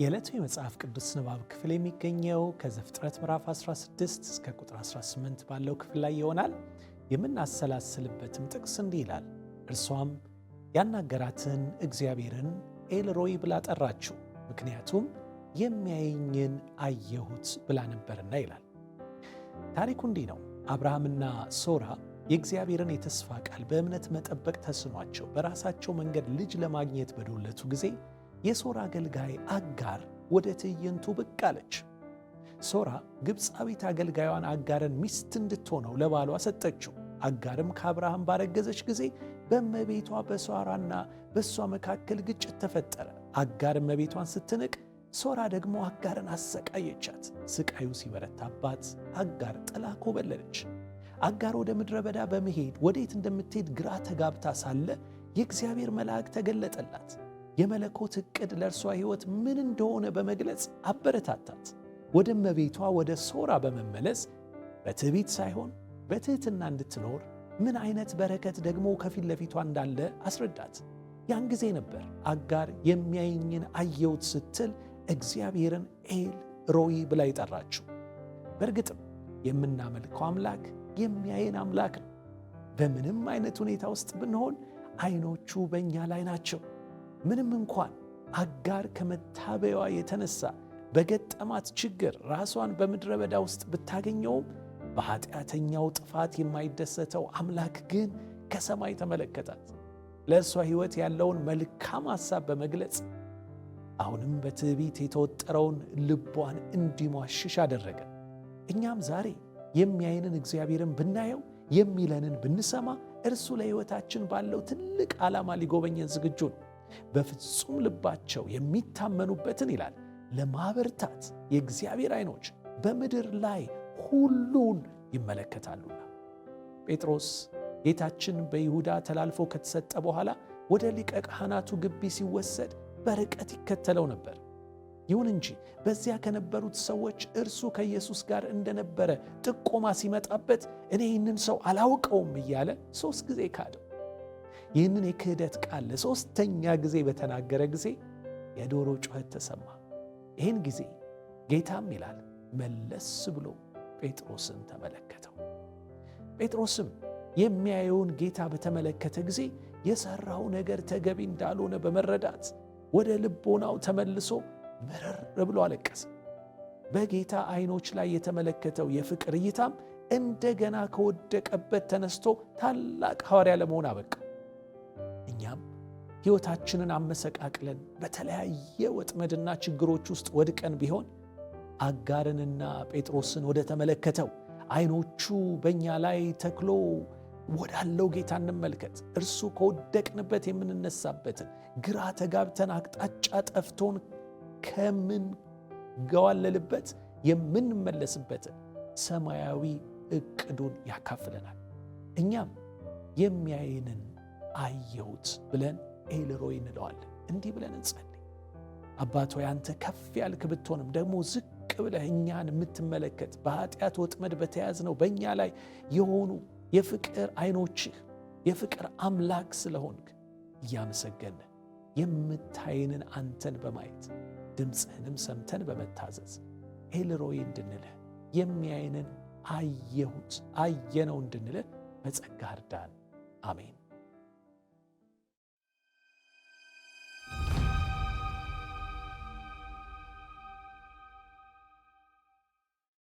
የዕለቱ የመጽሐፍ ቅዱስ ንባብ ክፍል የሚገኘው ከዘፍጥረት ምዕራፍ 16 እስከ ቁጥር 18 ባለው ክፍል ላይ ይሆናል። የምናሰላስልበትም ጥቅስ እንዲህ ይላል፣ እርሷም ያናገራትን እግዚአብሔርን ኤልሮይ ብላ ጠራችው፣ ምክንያቱም የሚያየኝን አየሁት ብላ ነበርና ይላል። ታሪኩ እንዲህ ነው። አብርሃምና ሶራ የእግዚአብሔርን የተስፋ ቃል በእምነት መጠበቅ ተስኗቸው በራሳቸው መንገድ ልጅ ለማግኘት በዶለቱ ጊዜ የሶራ አገልጋይ አጋር ወደ ትዕይንቱ ብቅ አለች። ሶራ ግብፃዊት አገልጋዩን አጋርን ሚስት እንድትሆነው ለባሏ ሰጠችው። አጋርም ከአብርሃም ባረገዘች ጊዜ በእመቤቷ በሶራና በእሷ መካከል ግጭት ተፈጠረ። አጋር እመቤቷን ስትንቅ፣ ሶራ ደግሞ አጋርን አሰቃየቻት። ስቃዩ ሲበረታባት አጋር ጥላ ኮበለለች። አጋር ወደ ምድረ በዳ በመሄድ ወዴት እንደምትሄድ ግራ ተጋብታ ሳለ የእግዚአብሔር መልአክ ተገለጠላት። የመለኮት እቅድ ለእርሷ ሕይወት ምን እንደሆነ በመግለጽ አበረታታት። ወደ እመቤቷ ወደ ሶራ በመመለስ በትዕቢት ሳይሆን በትሕትና እንድትኖር ምን አይነት በረከት ደግሞ ከፊት ለፊቷ እንዳለ አስረዳት። ያን ጊዜ ነበር አጋር የሚያየኝን አየሁት ስትል እግዚአብሔርን ኤል ሮይ ብላ ይጠራችው። በእርግጥም የምናመልከው አምላክ የሚያየን አምላክ ነው። በምንም አይነት ሁኔታ ውስጥ ብንሆን አይኖቹ በእኛ ላይ ናቸው። ምንም እንኳን አጋር ከመታበያዋ የተነሳ በገጠማት ችግር ራሷን በምድረ በዳ ውስጥ ብታገኘውም በኃጢአተኛው ጥፋት የማይደሰተው አምላክ ግን ከሰማይ ተመለከታት። ለእሷ ሕይወት ያለውን መልካም ሐሳብ በመግለጽ አሁንም በትዕቢት የተወጠረውን ልቧን እንዲሟሽሽ አደረገ። እኛም ዛሬ የሚያይንን እግዚአብሔርን ብናየው የሚለንን ብንሰማ እርሱ ለሕይወታችን ባለው ትልቅ ዓላማ ሊጎበኘን ዝግጁ ነው። በፍጹም ልባቸው የሚታመኑበትን ይላል ለማበርታት የእግዚአብሔር አይኖች በምድር ላይ ሁሉን ይመለከታሉና። ጴጥሮስ ጌታችን በይሁዳ ተላልፎ ከተሰጠ በኋላ ወደ ሊቀ ካህናቱ ግቢ ሲወሰድ በርቀት ይከተለው ነበር። ይሁን እንጂ በዚያ ከነበሩት ሰዎች እርሱ ከኢየሱስ ጋር እንደነበረ ጥቆማ ሲመጣበት እኔ ይህንን ሰው አላውቀውም እያለ ሦስት ጊዜ ካደ። ይህንን የክህደት ቃል ለሶስተኛ ጊዜ በተናገረ ጊዜ የዶሮ ጩኸት ተሰማ። ይህን ጊዜ ጌታም ይላል መለስ ብሎ ጴጥሮስን ተመለከተው። ጴጥሮስም የሚያየውን ጌታ በተመለከተ ጊዜ የሠራው ነገር ተገቢ እንዳልሆነ በመረዳት ወደ ልቦናው ተመልሶ ምርር ብሎ አለቀሰ። በጌታ አይኖች ላይ የተመለከተው የፍቅር እይታም እንደገና ከወደቀበት ተነስቶ ታላቅ ሐዋርያ ለመሆን አበቃው። እኛም ሕይወታችንን አመሰቃቅለን በተለያየ ወጥመድና ችግሮች ውስጥ ወድቀን ቢሆን አጋርንና ጴጥሮስን ወደ ተመለከተው ዐይኖቹ በእኛ ላይ ተክሎ ወዳለው ጌታ እንመልከት። እርሱ ከወደቅንበት የምንነሳበትን ግራ ተጋብተን አቅጣጫ ጠፍቶን ከምንገዋለልበት የምንመለስበትን ሰማያዊ እቅዱን ያካፍለናል። እኛም የሚያይንን አየሁት ብለን ኤልሮይ እንለዋለን። እንዲህ ብለን እንጸልይ። አባት ሆይ አንተ ከፍ ያልክ ብትሆንም ደግሞ ዝቅ ብለህ እኛን የምትመለከት በኃጢአት ወጥመድ ነው በእኛ ላይ የሆኑ የፍቅር አይኖችህ የፍቅር አምላክ ስለሆንክ እያመሰገነ የምታይንን አንተን በማየት ድምፅህንም ሰምተን በመታዘዝ ኤልሮይ እንድንልህ የሚያይንን አየሁት አየነው እንድንልህ በጸጋ እርዳን። አሜን።